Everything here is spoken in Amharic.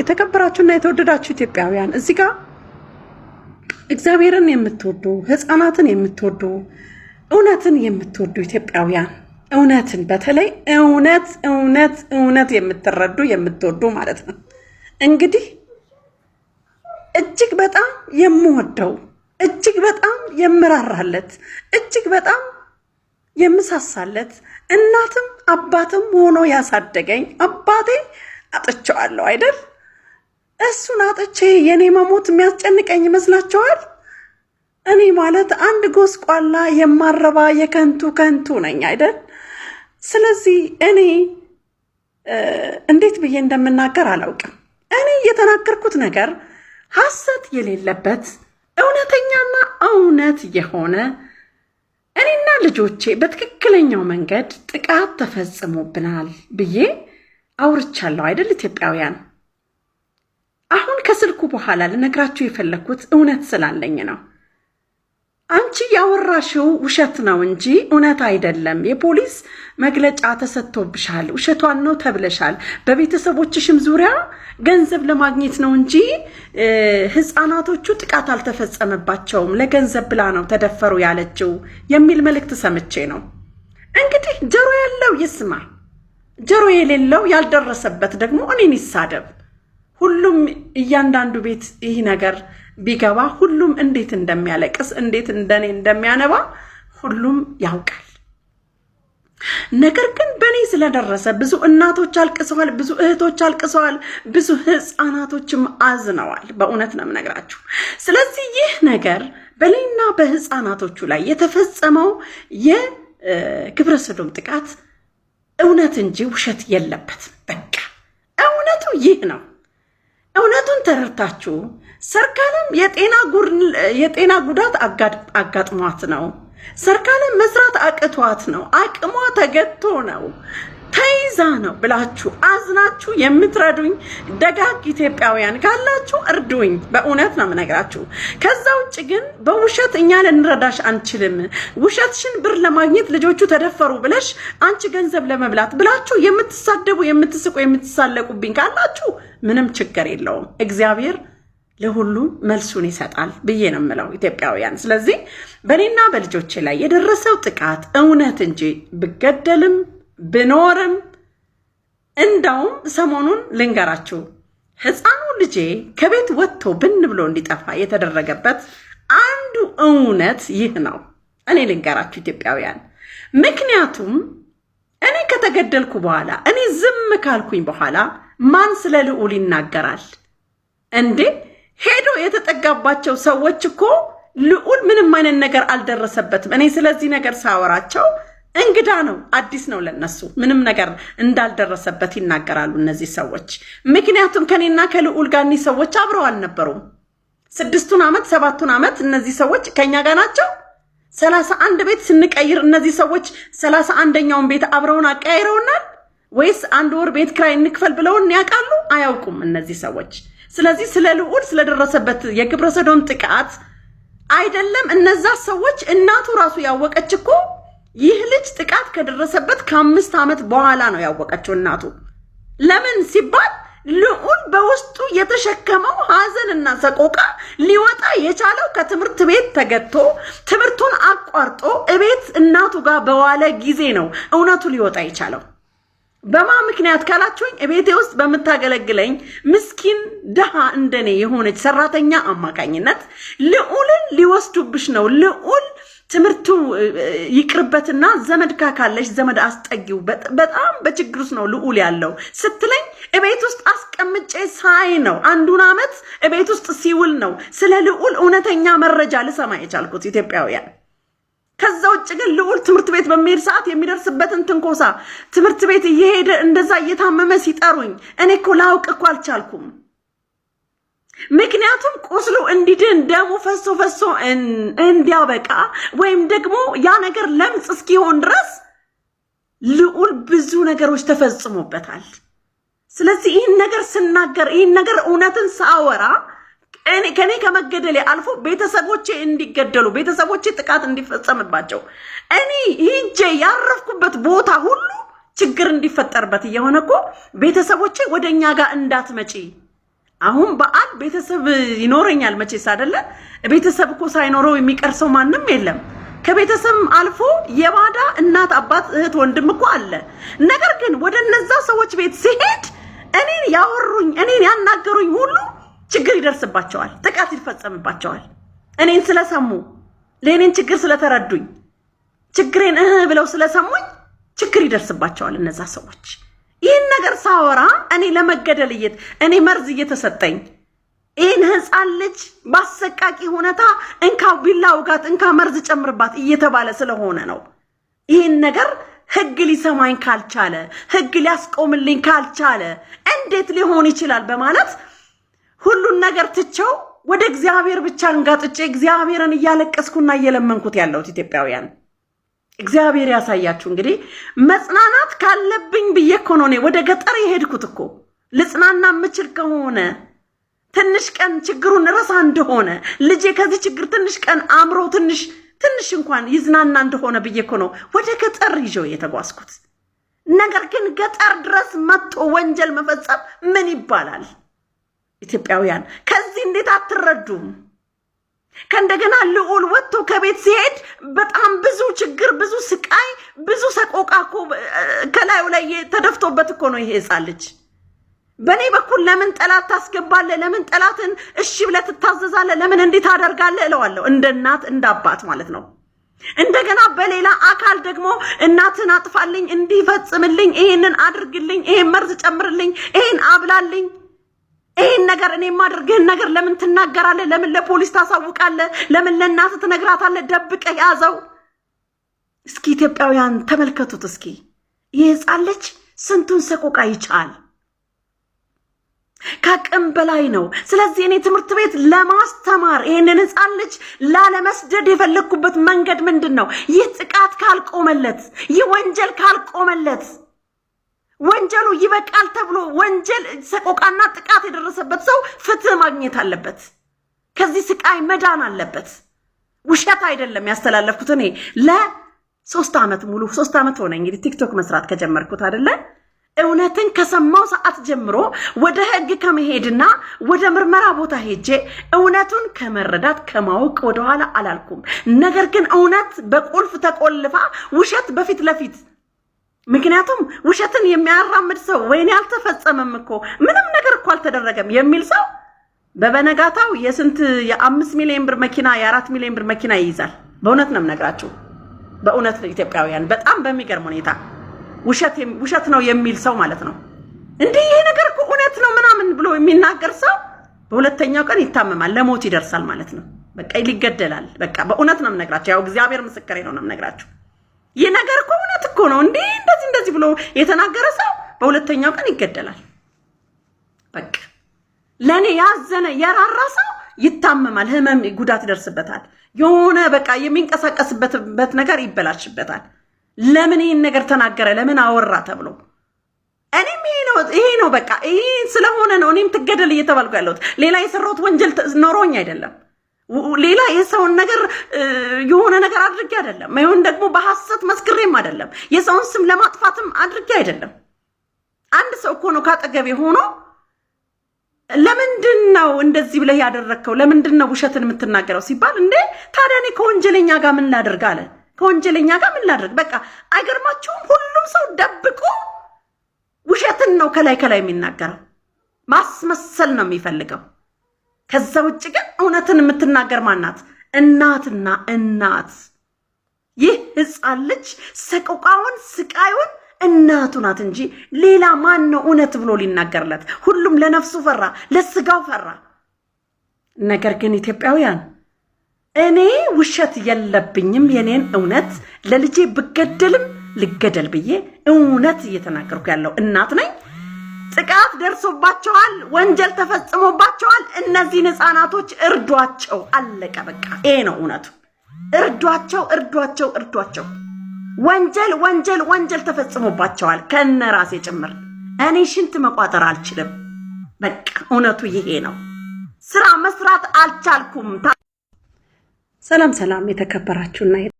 የተከበራችሁና የተወደዳችሁ ኢትዮጵያውያን እዚህ ጋር እግዚአብሔርን የምትወዱ ህፃናትን የምትወዱ እውነትን የምትወዱ ኢትዮጵያውያን እውነትን በተለይ እውነት እውነት እውነት የምትረዱ የምትወዱ ማለት ነው። እንግዲህ እጅግ በጣም የምወደው እጅግ በጣም የምራራለት እጅግ በጣም የምሳሳለት እናትም አባትም ሆኖ ያሳደገኝ አባቴ አጥቼዋለሁ አይደል? እሱን አጥቼ የእኔ መሞት የሚያስጨንቀኝ ይመስላችኋል? እኔ ማለት አንድ ጎስቋላ የማረባ የከንቱ ከንቱ ነኝ አይደል? ስለዚህ እኔ እንዴት ብዬ እንደምናገር አላውቅም። እኔ የተናገርኩት ነገር ሐሰት የሌለበት እውነተኛና እውነት የሆነ እኔና ልጆቼ በትክክለኛው መንገድ ጥቃት ተፈጽሞብናል ብዬ አውርቻለሁ አይደል ኢትዮጵያውያን? አሁን ከስልኩ በኋላ ልነግራችሁ የፈለግኩት እውነት ስላለኝ ነው። አንቺ ያወራሽው ውሸት ነው እንጂ እውነት አይደለም። የፖሊስ መግለጫ ተሰጥቶብሻል፣ ውሸቷን ነው ተብለሻል። በቤተሰቦችሽም ዙሪያ ገንዘብ ለማግኘት ነው እንጂ ሕፃናቶቹ ጥቃት አልተፈጸመባቸውም፣ ለገንዘብ ብላ ነው ተደፈሩ ያለችው የሚል መልእክት ሰምቼ ነው። እንግዲህ ጆሮ ያለው ይስማ። ጆሮ የሌለው ያልደረሰበት ደግሞ እኔን ይሳደብ። ሁሉም እያንዳንዱ ቤት ይህ ነገር ቢገባ ሁሉም እንዴት እንደሚያለቅስ እንዴት እንደኔ እንደሚያነባ ሁሉም ያውቃል። ነገር ግን በእኔ ስለደረሰ ብዙ እናቶች አልቅሰዋል፣ ብዙ እህቶች አልቅሰዋል፣ ብዙ ህፃናቶችም አዝነዋል። በእውነት ነው የምነግራችሁ። ስለዚህ ይህ ነገር በእኔና በህፃናቶቹ ላይ የተፈጸመው የግብረ ሰዶም ጥቃት እውነት እንጂ ውሸት የለበትም። በቃ እውነቱ ይህ ነው። እውነቱን ተረድታችሁ ሰርካለም የጤና ጉዳት አጋጥሟት ነው። ሰርካለም መስራት አቅቷት ነው። አቅሟ ተገቶ ነው። ለዛ ነው ብላችሁ አዝናችሁ የምትረዱኝ ደጋግ ኢትዮጵያውያን ካላችሁ እርዱኝ። በእውነት ነው የምነግራችሁ። ከዛ ውጭ ግን በውሸት እኛ ልንረዳሽ አንችልም። ውሸትሽን ብር ለማግኘት ልጆቹ ተደፈሩ ብለሽ አንቺ ገንዘብ ለመብላት ብላችሁ የምትሳደቡ፣ የምትስቁ፣ የምትሳለቁብኝ ካላችሁ ምንም ችግር የለውም እግዚአብሔር ለሁሉም መልሱን ይሰጣል ብዬ ነው የምለው ኢትዮጵያውያን። ስለዚህ በእኔና በልጆቼ ላይ የደረሰው ጥቃት እውነት እንጂ ብገደልም ብኖርም እንዳውም ሰሞኑን ልንገራችሁ ሕፃኑ ልጄ ከቤት ወጥቶ ብን ብሎ እንዲጠፋ የተደረገበት አንዱ እውነት ይህ ነው። እኔ ልንገራችሁ ኢትዮጵያውያን፣ ምክንያቱም እኔ ከተገደልኩ በኋላ እኔ ዝም ካልኩኝ በኋላ ማን ስለ ልዑል ይናገራል እንዴ? ሄዶ የተጠጋባቸው ሰዎች እኮ ልዑል ምንም አይነት ነገር አልደረሰበትም። እኔ ስለዚህ ነገር ሳወራቸው እንግዳ ነው፣ አዲስ ነው ለነሱ ምንም ነገር እንዳልደረሰበት ይናገራሉ እነዚህ ሰዎች። ምክንያቱም ከኔና ከልዑል ጋር እኒህ ሰዎች አብረው አልነበሩም። ስድስቱን ዓመት ሰባቱን ዓመት እነዚህ ሰዎች ከኛ ጋር ናቸው። ሰላሳ አንድ ቤት ስንቀይር እነዚህ ሰዎች ሰላሳ አንደኛውን ቤት አብረውን አቀያይረውናል ወይስ አንድ ወር ቤት ክራይ እንክፈል ብለውን ያውቃሉ? አያውቁም እነዚህ ሰዎች። ስለዚህ ስለ ልዑል ስለደረሰበት የግብረ ሰዶም ጥቃት አይደለም እነዛ ሰዎች እናቱ ራሱ ያወቀች እኮ ይህ ልጅ ጥቃት ከደረሰበት ከአምስት ዓመት በኋላ ነው ያወቀችው እናቱ። ለምን ሲባል ልዑል በውስጡ የተሸከመው ሐዘንና ሰቆቃ ሊወጣ የቻለው ከትምህርት ቤት ተገጥቶ ትምህርቱን አቋርጦ እቤት እናቱ ጋር በዋለ ጊዜ ነው እውነቱ ሊወጣ የቻለው። በማ ምክንያት ካላችሁኝ እቤቴ ውስጥ በምታገለግለኝ ምስኪን ድሃ እንደኔ የሆነች ሰራተኛ አማካኝነት ልዑልን ሊወስዱብሽ ነው ልዑል ትምህርቱ ይቅርበትና ዘመድ ካካለሽ ዘመድ አስጠጊው በጣም በችግር ውስጥ ነው ልዑል ያለው ስትለኝ እቤት ውስጥ አስቀምጬ ሳይ ነው አንዱን አመት እቤት ውስጥ ሲውል ነው ስለ ልዑል እውነተኛ መረጃ ልሰማ የቻልኩት ኢትዮጵያውያን። ከዛ ውጭ ግን ልዑል ትምህርት ቤት በሚሄድ ሰዓት የሚደርስበትን ትንኮሳ ትምህርት ቤት እየሄደ እንደዛ እየታመመ ሲጠሩኝ እኔ እኮ ላውቅ እኮ አልቻልኩም። ምክንያቱም ቁስሉ እንዲድን ደሙ ፈሶ ፈሶ እንዲያበቃ ወይም ደግሞ ያ ነገር ለምጽ እስኪሆን ድረስ ልዑል ብዙ ነገሮች ተፈጽሞበታል። ስለዚህ ይህን ነገር ስናገር ይህን ነገር እውነትን ሳወራ ከኔ ከመገደሌ አልፎ ቤተሰቦቼ እንዲገደሉ ቤተሰቦቼ ጥቃት እንዲፈጸምባቸው እኔ ሂጄ ያረፍኩበት ቦታ ሁሉ ችግር እንዲፈጠርበት እየሆነ እኮ ቤተሰቦቼ ወደ እኛ ጋር እንዳትመጪ አሁን በአል ቤተሰብ ይኖረኛል መቼስ አይደለ? ቤተሰብ እኮ ሳይኖረው የሚቀር ሰው ማንም የለም። ከቤተሰብ አልፎ የባዳ እናት፣ አባት፣ እህት፣ ወንድም እኮ አለ። ነገር ግን ወደ እነዛ ሰዎች ቤት ሲሄድ እኔን ያወሩኝ እኔን ያናገሩኝ ሁሉ ችግር ይደርስባቸዋል፣ ጥቃት ይፈጸምባቸዋል። እኔን ስለሰሙ ለእኔን ችግር ስለተረዱኝ ችግሬን እህ ብለው ስለሰሙኝ ችግር ይደርስባቸዋል እነዛ ሰዎች። ይህን ነገር ሳወራ እኔ ለመገደል እኔ መርዝ እየተሰጠኝ ይህን ህፃን ልጅ በአሰቃቂ ሁኔታ እንካ ቢላ ውጋት፣ እንካ መርዝ ጨምርባት እየተባለ ስለሆነ ነው። ይህን ነገር ህግ ሊሰማኝ ካልቻለ፣ ህግ ሊያስቆምልኝ ካልቻለ እንዴት ሊሆን ይችላል? በማለት ሁሉን ነገር ትቸው ወደ እግዚአብሔር ብቻ እንጋጥጬ እግዚአብሔርን እያለቀስኩና እየለመንኩት ያለሁት ኢትዮጵያውያን እግዚአብሔር ያሳያችሁ። እንግዲህ መጽናናት ካለብኝ ብዬ እኮ ነው እኔ ወደ ገጠር የሄድኩት እኮ ልጽናና የምችል ከሆነ ትንሽ ቀን ችግሩን ረሳ እንደሆነ ልጄ ከዚህ ችግር ትንሽ ቀን አእምሮ ትንሽ ትንሽ እንኳን ይዝናና እንደሆነ ብዬ እኮ ነው ወደ ገጠር ይዤው የተጓዝኩት። ነገር ግን ገጠር ድረስ መጥቶ ወንጀል መፈጸም ምን ይባላል? ኢትዮጵያውያን ከዚህ እንዴት አትረዱም? ከእንደገና ልዑል ወጥቶ ከቤት ሲሄድ በጣም ብዙ ችግር፣ ብዙ ስቃይ፣ ብዙ ሰቆቃ እኮ ከላዩ ላይ ተደፍቶበት እኮ ነው ይሄ ልጅ። በእኔ በኩል ለምን ጠላት ታስገባለህ? ለምን ጠላትን እሺ ብለህ ትታዘዛለህ? ለምን እንዲህ ታደርጋለህ? እለዋለሁ እንደ እናት እንደ አባት ማለት ነው። እንደገና በሌላ አካል ደግሞ እናትን አጥፋልኝ፣ እንዲፈጽምልኝ፣ ይህንን አድርግልኝ፣ ይህን መርዝ ጨምርልኝ፣ ይሄን አብላልኝ ይህን ነገር እኔ ማድረግ ይህን ነገር ለምን ትናገራለህ? ለምን ለፖሊስ ታሳውቃለህ? ለምን ለእናት ትነግራታለህ? ደብቀ ያዘው። እስኪ ኢትዮጵያውያን ተመልከቱት። እስኪ ይህ ህፃን ልጅ ስንቱን ሰቆቃ ይቻል ከቅም በላይ ነው። ስለዚህ እኔ ትምህርት ቤት ለማስተማር ይህንን ህፃን ልጅ ላለመስደድ የፈለግኩበት መንገድ ምንድን ነው? ይህ ጥቃት ካልቆመለት፣ ይህ ወንጀል ካልቆመለት ወንጀሉ ይበቃል ተብሎ ወንጀል ሰቆቃና ጥቃት የደረሰበት ሰው ፍትህ ማግኘት አለበት። ከዚህ ስቃይ መዳን አለበት። ውሸት አይደለም ያስተላለፍኩት። እኔ ለሶስት ዓመት ሙሉ ሶስት ዓመት ሆነ እንግዲህ ቲክቶክ መስራት ከጀመርኩት አይደለ እውነትን ከሰማው ሰዓት ጀምሮ ወደ ህግ ከመሄድና ወደ ምርመራ ቦታ ሄጄ እውነቱን ከመረዳት ከማወቅ ወደኋላ አላልኩም። ነገር ግን እውነት በቁልፍ ተቆልፋ ውሸት በፊት ለፊት ምክንያቱም ውሸትን የሚያራምድ ሰው ወይኔ አልተፈጸመም እኮ ምንም ነገር እኮ አልተደረገም የሚል ሰው በበነጋታው የስንት የአምስት ሚሊዮን ብር መኪና የአራት ሚሊዮን ብር መኪና ይይዛል። በእውነት ነው የምነግራችሁ። በእውነት ኢትዮጵያውያን፣ በጣም በሚገርም ሁኔታ ውሸት ነው የሚል ሰው ማለት ነው። እንዲህ ይሄ ነገር እኮ እውነት ነው ምናምን ብሎ የሚናገር ሰው በሁለተኛው ቀን ይታመማል፣ ለሞት ይደርሳል ማለት ነው። በቃ ይገደላል። በቃ በእውነት ነው የምነግራችሁ። ያው እግዚአብሔር ምስክሬ ነው ነው የምነግራችሁ። ይህ ነገር እኮ እውነት እኮ ነው። እንዴ እንደዚህ እንደዚህ ብሎ የተናገረ ሰው በሁለተኛው ቀን ይገደላል። በቃ ለእኔ ያዘነ የራራ ሰው ይታመማል፣ ህመም ጉዳት ይደርስበታል። የሆነ በቃ የሚንቀሳቀስበት ነገር ይበላሽበታል። ለምን ይህን ነገር ተናገረ፣ ለምን አወራ ተብሎ እኔም ይሄ ነው በቃ ይሄ ስለሆነ ነው እኔም ትገደል እየተባልኩ ያለሁት ሌላ የሰራሁት ወንጀል ኖሮኝ አይደለም። ሌላ የሰውን ነገር የሆነ ነገር አድርጌ አይደለም፣ ይሁን ደግሞ በሐሰት መስክሬም አይደለም፣ የሰውን ስም ለማጥፋትም አድርጌ አይደለም። አንድ ሰው እኮ ነው ካጠገቤ ሆኖ ለምንድን ነው እንደዚህ ብለህ ያደረግከው? ለምንድን ነው ውሸትን የምትናገረው ሲባል እንዴ ታዲያ እኔ ከወንጀለኛ ጋር ምን ላደርግ አለ። ከወንጀለኛ ጋር ምን ላደርግ? በቃ አይገርማችሁም? ሁሉም ሰው ደብቆ ውሸትን ነው ከላይ ከላይ የሚናገረው፣ ማስመሰል ነው የሚፈልገው። ከዛ ውጭ ግን እውነትን የምትናገር ማናት? እናትና እናት። ይህ ህፃን ልጅ ሰቆቃውን ስቃዩን እናቱ ናት እንጂ ሌላ ማን ነው እውነት ብሎ ሊናገርለት? ሁሉም ለነፍሱ ፈራ፣ ለስጋው ፈራ። ነገር ግን ኢትዮጵያውያን እኔ ውሸት የለብኝም፣ የኔን እውነት ለልጄ ብገደልም ልገደል ብዬ እውነት እየተናገርኩ ያለው እናት ነኝ። ጥቃት ደርሶባቸዋል፣ ወንጀል ተፈጽሞባቸዋል። እነዚህን ህፃናቶች እርዷቸው። አለቀ በቃ። ይሄ ነው እውነቱ። እርዷቸው፣ እርዷቸው፣ እርዷቸው። ወንጀል ወንጀል ወንጀል ተፈጽሞባቸዋል፣ ከነ ራሴ ጭምር። እኔ ሽንት መቋጠር አልችልም። በቃ እውነቱ ይሄ ነው። ስራ መስራት አልቻልኩም። ሰላም ሰላም! የተከበራችሁና